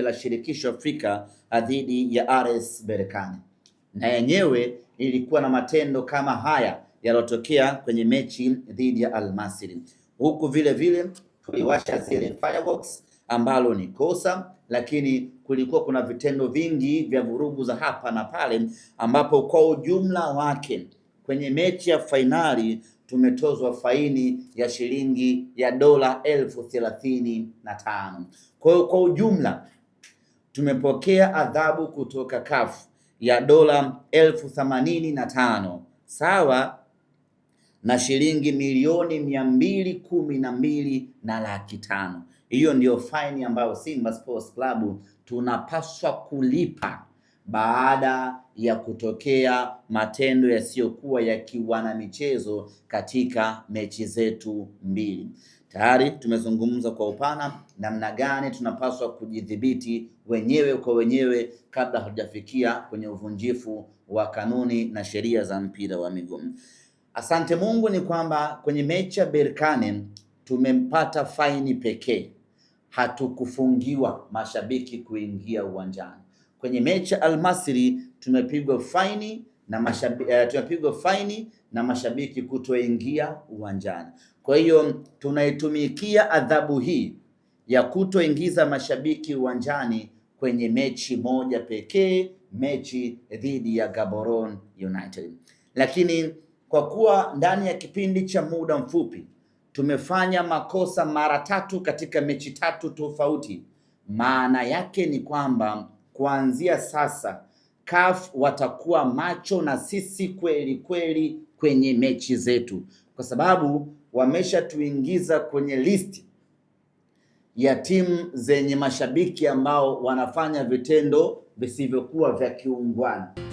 kombe la shirikisho Afrika dhidi ya RS Berkane, na yenyewe ilikuwa na matendo kama haya yaliyotokea kwenye mechi dhidi ya Almasiri, huku vile vile tuliwasha zile fireworks ambalo ni kosa, lakini kulikuwa kuna vitendo vingi vya vurugu za hapa na pale, ambapo kwa ujumla wake kwenye mechi ya fainali tumetozwa faini ya shilingi ya dola elfu thelathini na tano. Kwa hiyo kwa ujumla tumepokea adhabu kutoka CAF ya dola elfu themanini na tano sawa na shilingi milioni mia mbili kumi na mbili na laki tano. Hiyo ndiyo faini ambayo Simba Sports Club tunapaswa kulipa baada ya kutokea matendo yasiyokuwa ya kiwanamichezo katika mechi zetu mbili. Tayari tumezungumza kwa upana namna gani tunapaswa kujidhibiti wenyewe kwa wenyewe kabla hatujafikia kwenye uvunjifu wa kanuni na sheria za mpira wa miguu. Asante Mungu ni kwamba kwenye mechi ya Berkane tumempata faini pekee, hatukufungiwa mashabiki kuingia uwanjani. Kwenye mechi ya almasri tumepigwa faini na mashabiki uh, eh, tunapigwa faini na mashabiki kutoingia uwanjani. Kwa hiyo tunaitumikia adhabu hii ya kutoingiza mashabiki uwanjani kwenye mechi moja pekee, mechi dhidi ya Gaborone United. Lakini kwa kuwa ndani ya kipindi cha muda mfupi tumefanya makosa mara tatu katika mechi tatu tofauti, maana yake ni kwamba kuanzia sasa CAF watakuwa macho na sisi kweli kweli kwenye mechi zetu, kwa sababu wameshatuingiza kwenye listi ya timu zenye mashabiki ambao wanafanya vitendo visivyokuwa vya kiungwana.